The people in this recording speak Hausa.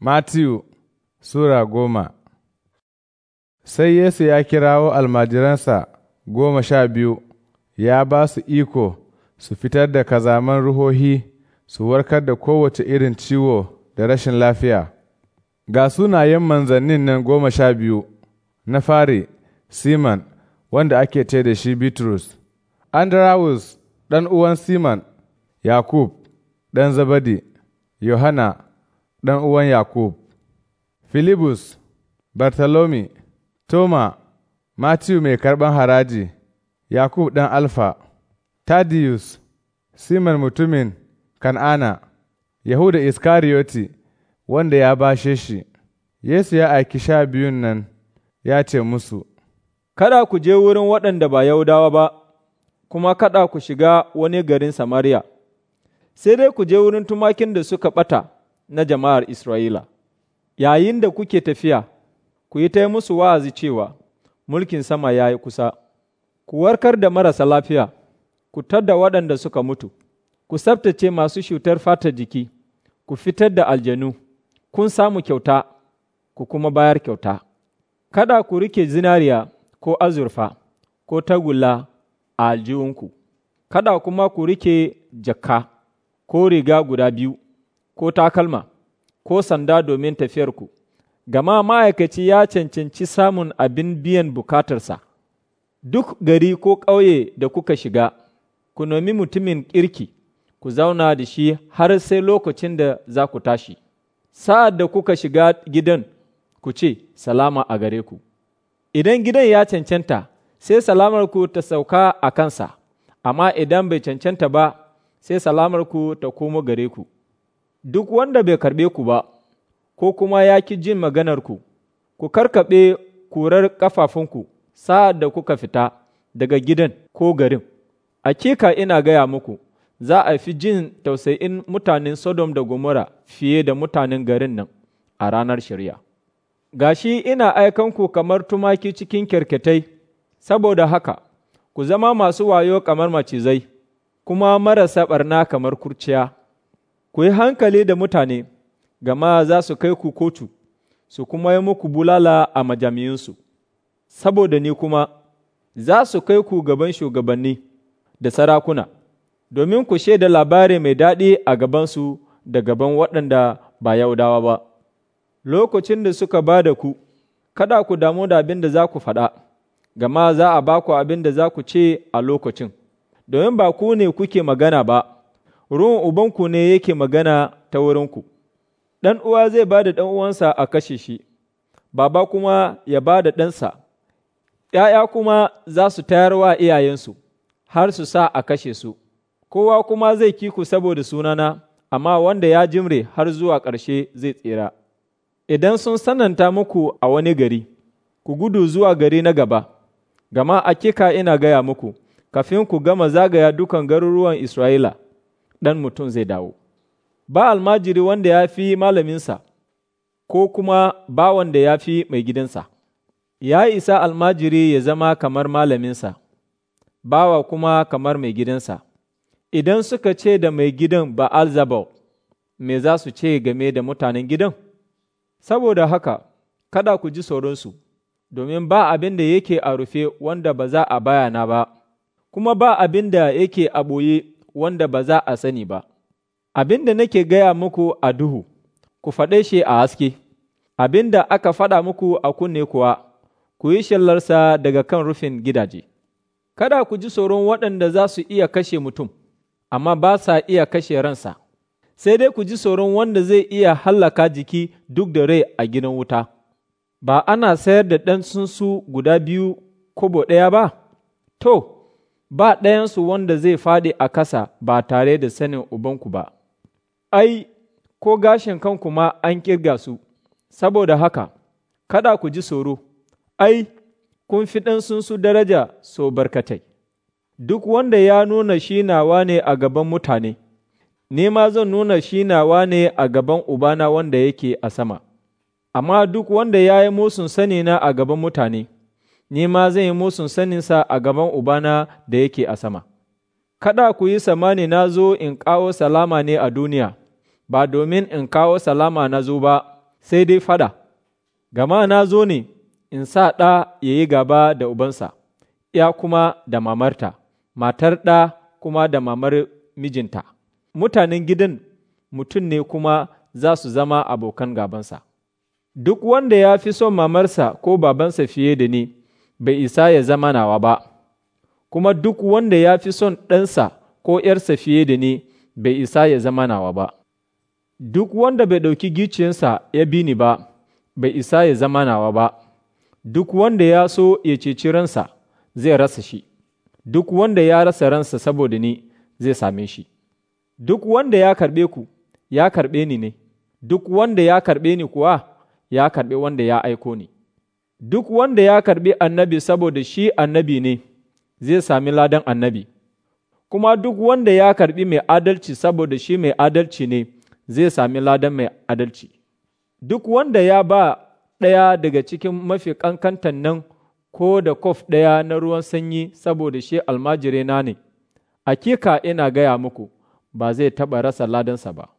Matiyu Sura goma Sai Yesu ya kirawo almajiransa goma sha biyu, ya ba su iko su fitar da kazaman ruhohi su warkar da kowace irin ciwo da rashin lafiya. Ga sunayen manzannin nan goma sha biyu, na fari, Siman, wanda ake ce da shi Bitrus, Andrawus, ɗan uwan Siman, Yakub, ɗan Zabadi, Yohana, ɗan uwan Yakub, Filibus, Bartolome, Toma, Matthew mai karɓan haraji, Yakub ɗan Alfa, Tadius, Siman mutumin Kan'ana, Yahuda Iskariyoti, wanda ya bashe shi, Yesu ya aiki sha biyun nan ya ce musu, Kada ku je wurin waɗanda ba Yahudawa ba, kuma kada ku shiga wani garin Samariya, sai dai ku je wurin tumakin da suka ɓata. na jama'ar Isra'ila, yayin da kuke tafiya, ku yi ta musu wa'azi cewa mulkin sama ya yi kusa, ku warkar da marasa lafiya, ku tadda waɗanda suka mutu, ku tsabtace masu cutar fata jiki, ku fitar da aljanu, kun samu kyauta, ku kuma bayar kyauta. Kada ku rike zinariya ko azurfa ko tagulla a aljihunku, kada kuma ku rike jakka ko riga guda biyu. ko takalma, ko sanda domin tafiyarku, gama ma'aikaci ya cancanci samun abin biyan bukatarsa. Duk gari ko ƙauye da kuka shiga, ku nomi mutumin ƙirki ku zauna da shi har sai lokacin da za ku tashi. Sa'ad da kuka shiga gidan, ku ce, Salama a gare ku. Idan gidan ya cancanta, sai salamar ku ta sauka a kansa, amma idan bai cancanta ba, sai salamar ku ta komo gare ku. duk wanda bai karɓe ku ba, ko kuma ya ki jin maganarku, ku karkaɓe kurar ƙafafunku sa'ad da kuka fita daga gidan ko garin. Akika ina gaya muku, za a fi jin tausayin mutanen Sodom da Gomora fiye da mutanen garin nan a ranar shari'a. shi ina aikanku kamar tumaki cikin kyarketai, saboda haka, ku zama masu wayo kamar macizai, kuma marasa ɓarna kamar kurciya. ku yi hankali da mutane, gama za su kai ku kotu, su kuma yi muku bulala a majami'insu, saboda ni kuma za su kai ku gaban shugabanni da sarakuna, domin ku shaida labari mai daɗi a gabansu da gaban waɗanda ba yaudawa ba. Lokacin da suka ba da ku, kada ku damu da abin da za ku faɗa, gama za a ba ku abin da za ku ce a lokacin, domin ba ku ne kuke magana ba. ruwan ubanku ne yake magana ta wurinku, ɗan uwa zai ba da ɗan uwansa a kashe shi, baba kuma ya ba da ɗansa, ’ya'ya kuma za su tayar wa iyayensu, har su sa a kashe su, kowa kuma zai kiku saboda sunana, amma wanda ya jimre har zuwa ƙarshe zai tsira. Idan sun sananta muku a wani gari, ku gudu zuwa gari na gaba, gama akika ina gaya muku, kafin ku gama zagaya dukan garuruwan Isra'ila. ɗan mutum zai dawo. Ba almajiri wanda ya fi malaminsa, ko kuma ba wanda ya fi mai gidansa, ya isa almajiri ya zama kamar malaminsa, bawa kuma kamar mai gidansa. Idan suka ce da mai gidan Ba'al Zabau, me za su ce game da mutanen gidan? Saboda haka, kada ku ji tsoronsu, domin ba abin da yake a rufe wanda ba za a bayana ba, kuma ba abin da yake a ɓoye wanda ba za a sani ba, abin da nake gaya muku a duhu, ku faɗe shi a haske, abin da aka faɗa muku a kunne kuwa, ku yi shallarsa daga kan rufin gidaje. Kada ku ji tsoron waɗanda za su iya kashe mutum, amma ba sa iya kashe ransa, sai dai ku ji tsoron wanda zai iya hallaka jiki duk da rai a gidan wuta. Ba ana sayar da ɗan sunsu guda biyu kobo ɗaya ba? To, ba ɗayansu wanda zai faɗi a kasa ba tare da sanin ubanku ba, ai, ko gashin kanku ma an ƙirga su, saboda haka, kada ku ji tsoro, ai, kun fi su daraja so barkatai, duk wanda ya nuna shi nawa ne a gaban mutane, ni ma zan nuna shi nawa ne a gaban Ubana wanda yake a sama, amma duk wanda ya yi musun sanina a gaban mutane, ni ma zan yi musun saninsa a gaban Ubana da yake a sama. Kada ku yi samani na zo in kawo salama ne a duniya, ba domin in kawo salama na zo ba, sai dai fada, gama na zo ne in sa ɗa ya yi gaba da ubansa, ya kuma da mamarta, matar ɗa kuma da mamar mijinta. Mutanen gidan mutum ne kuma za su zama abokan gabansa. Duk wanda ya fi son mamarsa ko babansa fiye da ni, bai isa ya zama nawa ba, kuma duk wanda ya fi son ɗansa ko ’yarsa fiye da ni bai isa ya zama nawa ba. Duk wanda bai ɗauki giciyansa ya bi ni ba, bai isa ya zama nawa ba, duk wanda ya so ya ceci ransa zai rasa shi, duk wanda ya rasa ransa saboda ni zai same shi. Duk wanda ya karɓe ku, ya karɓe ni ne, duk wanda ya karɓe ni kuwa, ya karɓe wanda ya aiko ni. duk wanda ya karbi annabi saboda shi annabi ne zai sami ladan annabi, kuma duk wanda ya karbi mai adalci saboda shi mai adalci ne zai sami ladan mai adalci. Duk wanda ya ba ɗaya daga cikin mafi ƙanƙantan nan ko da kof ɗaya na ruwan sanyi saboda shi almajiraina ne, akika ina gaya muku ba zai taɓa rasa ladansa ba.